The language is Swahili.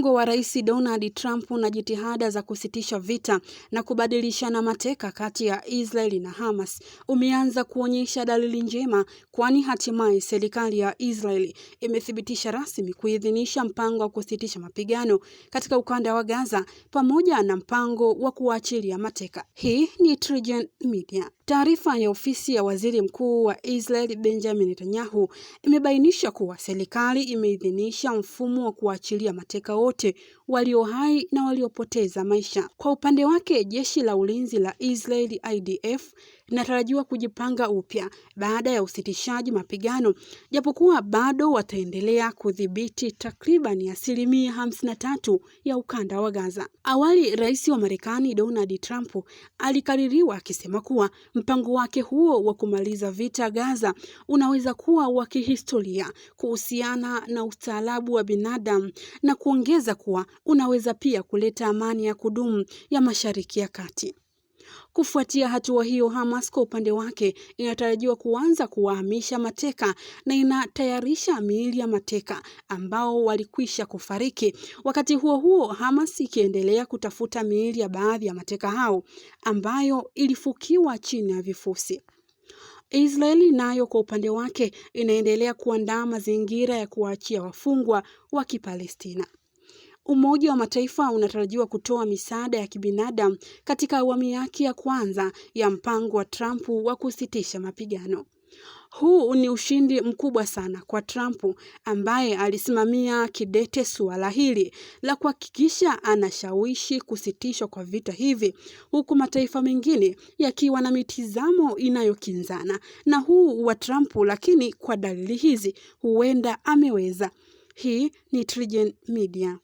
mpango wa Rais Donald Trump na jitihada za kusitisha vita na kubadilishana mateka kati ya Israeli na Hamas umeanza kuonyesha dalili njema, kwani hatimaye serikali ya Israeli imethibitisha rasmi kuidhinisha mpango wa kusitisha mapigano katika ukanda wa Gaza pamoja na mpango wa kuachilia mateka. Hii ni TriGen Media. Taarifa ya ofisi ya Waziri Mkuu wa Israel Benjamin Netanyahu imebainisha kuwa serikali imeidhinisha mfumo wa kuachilia mateka wote wote walio hai na waliopoteza maisha. Kwa upande wake, jeshi la ulinzi la Israeli IDF linatarajiwa kujipanga upya baada ya usitishaji mapigano, japokuwa bado wataendelea kudhibiti takribani asilimia hamsini na tatu ya ukanda wa Gaza. Awali, rais wa Marekani Donald Trump alikaririwa akisema kuwa mpango wake huo wa kumaliza vita Gaza unaweza kuwa wa kihistoria kuhusiana na ustaarabu wa binadamu na kuongeza umeongeza kuwa unaweza pia kuleta amani ya kudumu ya Mashariki ya Kati. Kufuatia hatua hiyo, Hamas kwa upande wake inatarajiwa kuanza kuwahamisha mateka na inatayarisha miili ya mateka ambao walikwisha kufariki. Wakati huo huo, Hamas ikiendelea kutafuta miili ya baadhi ya mateka hao ambayo ilifukiwa chini ya vifusi. Israeli nayo kwa upande wake inaendelea kuandaa mazingira ya kuwaachia wafungwa wa Kipalestina. Umoja wa Mataifa unatarajiwa kutoa misaada ya kibinadamu katika awamu yake ya kwanza ya mpango wa Trump wa kusitisha mapigano. Huu ni ushindi mkubwa sana kwa Trump ambaye alisimamia kidete suala hili la kuhakikisha anashawishi kusitishwa kwa vita hivi, huku mataifa mengine yakiwa na mitizamo inayokinzana na huu wa Trump, lakini kwa dalili hizi huenda ameweza. Hii ni TriGen Media.